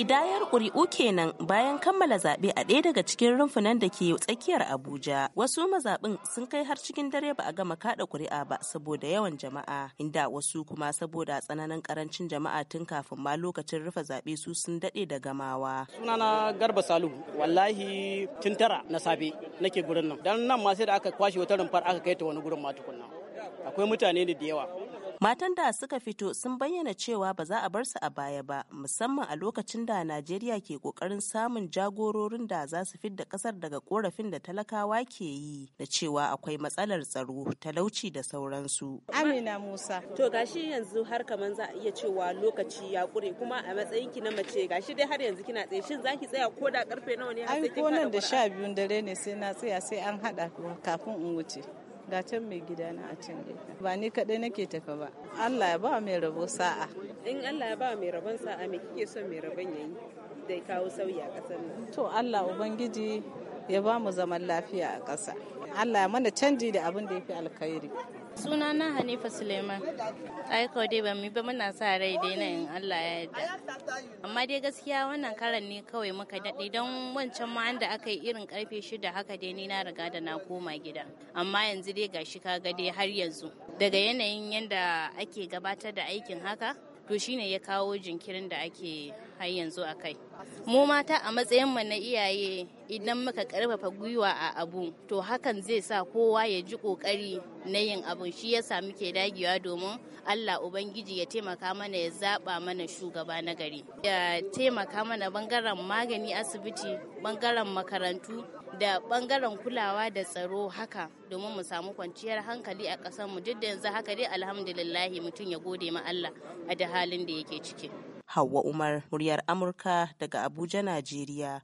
Kidayar ƙuri'u kenan bayan kammala zaɓe a ɗaya daga cikin rumfunan da ke tsakiyar Abuja. Wasu mazaɓin sun kai har cikin dare ba a gama kaɗa ƙuri'a ba saboda yawan jama'a, inda wasu kuma saboda tsananin ƙarancin jama'a tun kafin ma lokacin rufe zaɓe su sun daɗe da gamawa. Sunana Garba Salihu, wallahi tun tara na safe nake gurin nan. Dan nan ma sai da aka kwashe wata rumfar aka kai ta wani gurin ma tukunna. Akwai mutane ne da yawa. Matan da suka fito sun bayyana cewa ba za a bar su a baya ba, musamman a lokacin da Najeriya ke kokarin samun jagororin da za su fidda kasar daga korafin da talakawa ke yi da cewa akwai matsalar tsaro, talauci da sauransu. Amina Musa. To gashi yanzu har kaman za a iya cewa lokaci ya kure kuma a matsayin ki na mace gashi dai har yanzu kina tsaye shin zaki tsaya ko da karfe nawa ne har sai kin ko nan da 12 dare ne sai na tsaya sai an hada kafin in wuce. ga can mai gida na a can gefe ba ni kaɗai nake tafa ba Allah ya ba mai rabo sa'a in Allah ya ba mai rabon sa'a me kike son mai rabon yayi zai kawo sauya a ƙasar nan to Allah ubangiji ya ba mu zaman lafiya a ƙasa Allah ya mana canji da abin da ya fi alkhairi suna na hanifa suleiman Ai kawai dai ba mu ba muna sa rai dai na in allah ya yarda amma dai gaskiya wannan karan ne kawai muka daɗe don wancan ma da aka yi irin karfe shida haka dai ni na riga da na koma gida amma yanzu dai gashi ka ga dai har yanzu daga yanayin yadda ake gabatar da aikin haka to shine ya kawo jinkirin da ake har yanzu a kai mu mata a matsayin mu na iyaye idan muka karfafa gwiwa a abu to hakan zai sa kowa ya ji kokari na yin abu shi yasa muke dagewa domin Allah ubangiji ya taimaka mana ya zaba mana shugaba na gari ya taimaka mana bangaren magani asibiti bangaren makarantu da bangaren kulawa da tsaro haka domin mu samu kwanciyar hankali a ƙasar mu duk da yanzu haka dai alhamdulillahi mutum ya gode ma Allah a da halin da yake ciki. Hauwa Umar, muryar Amurka daga Abuja, Najeriya.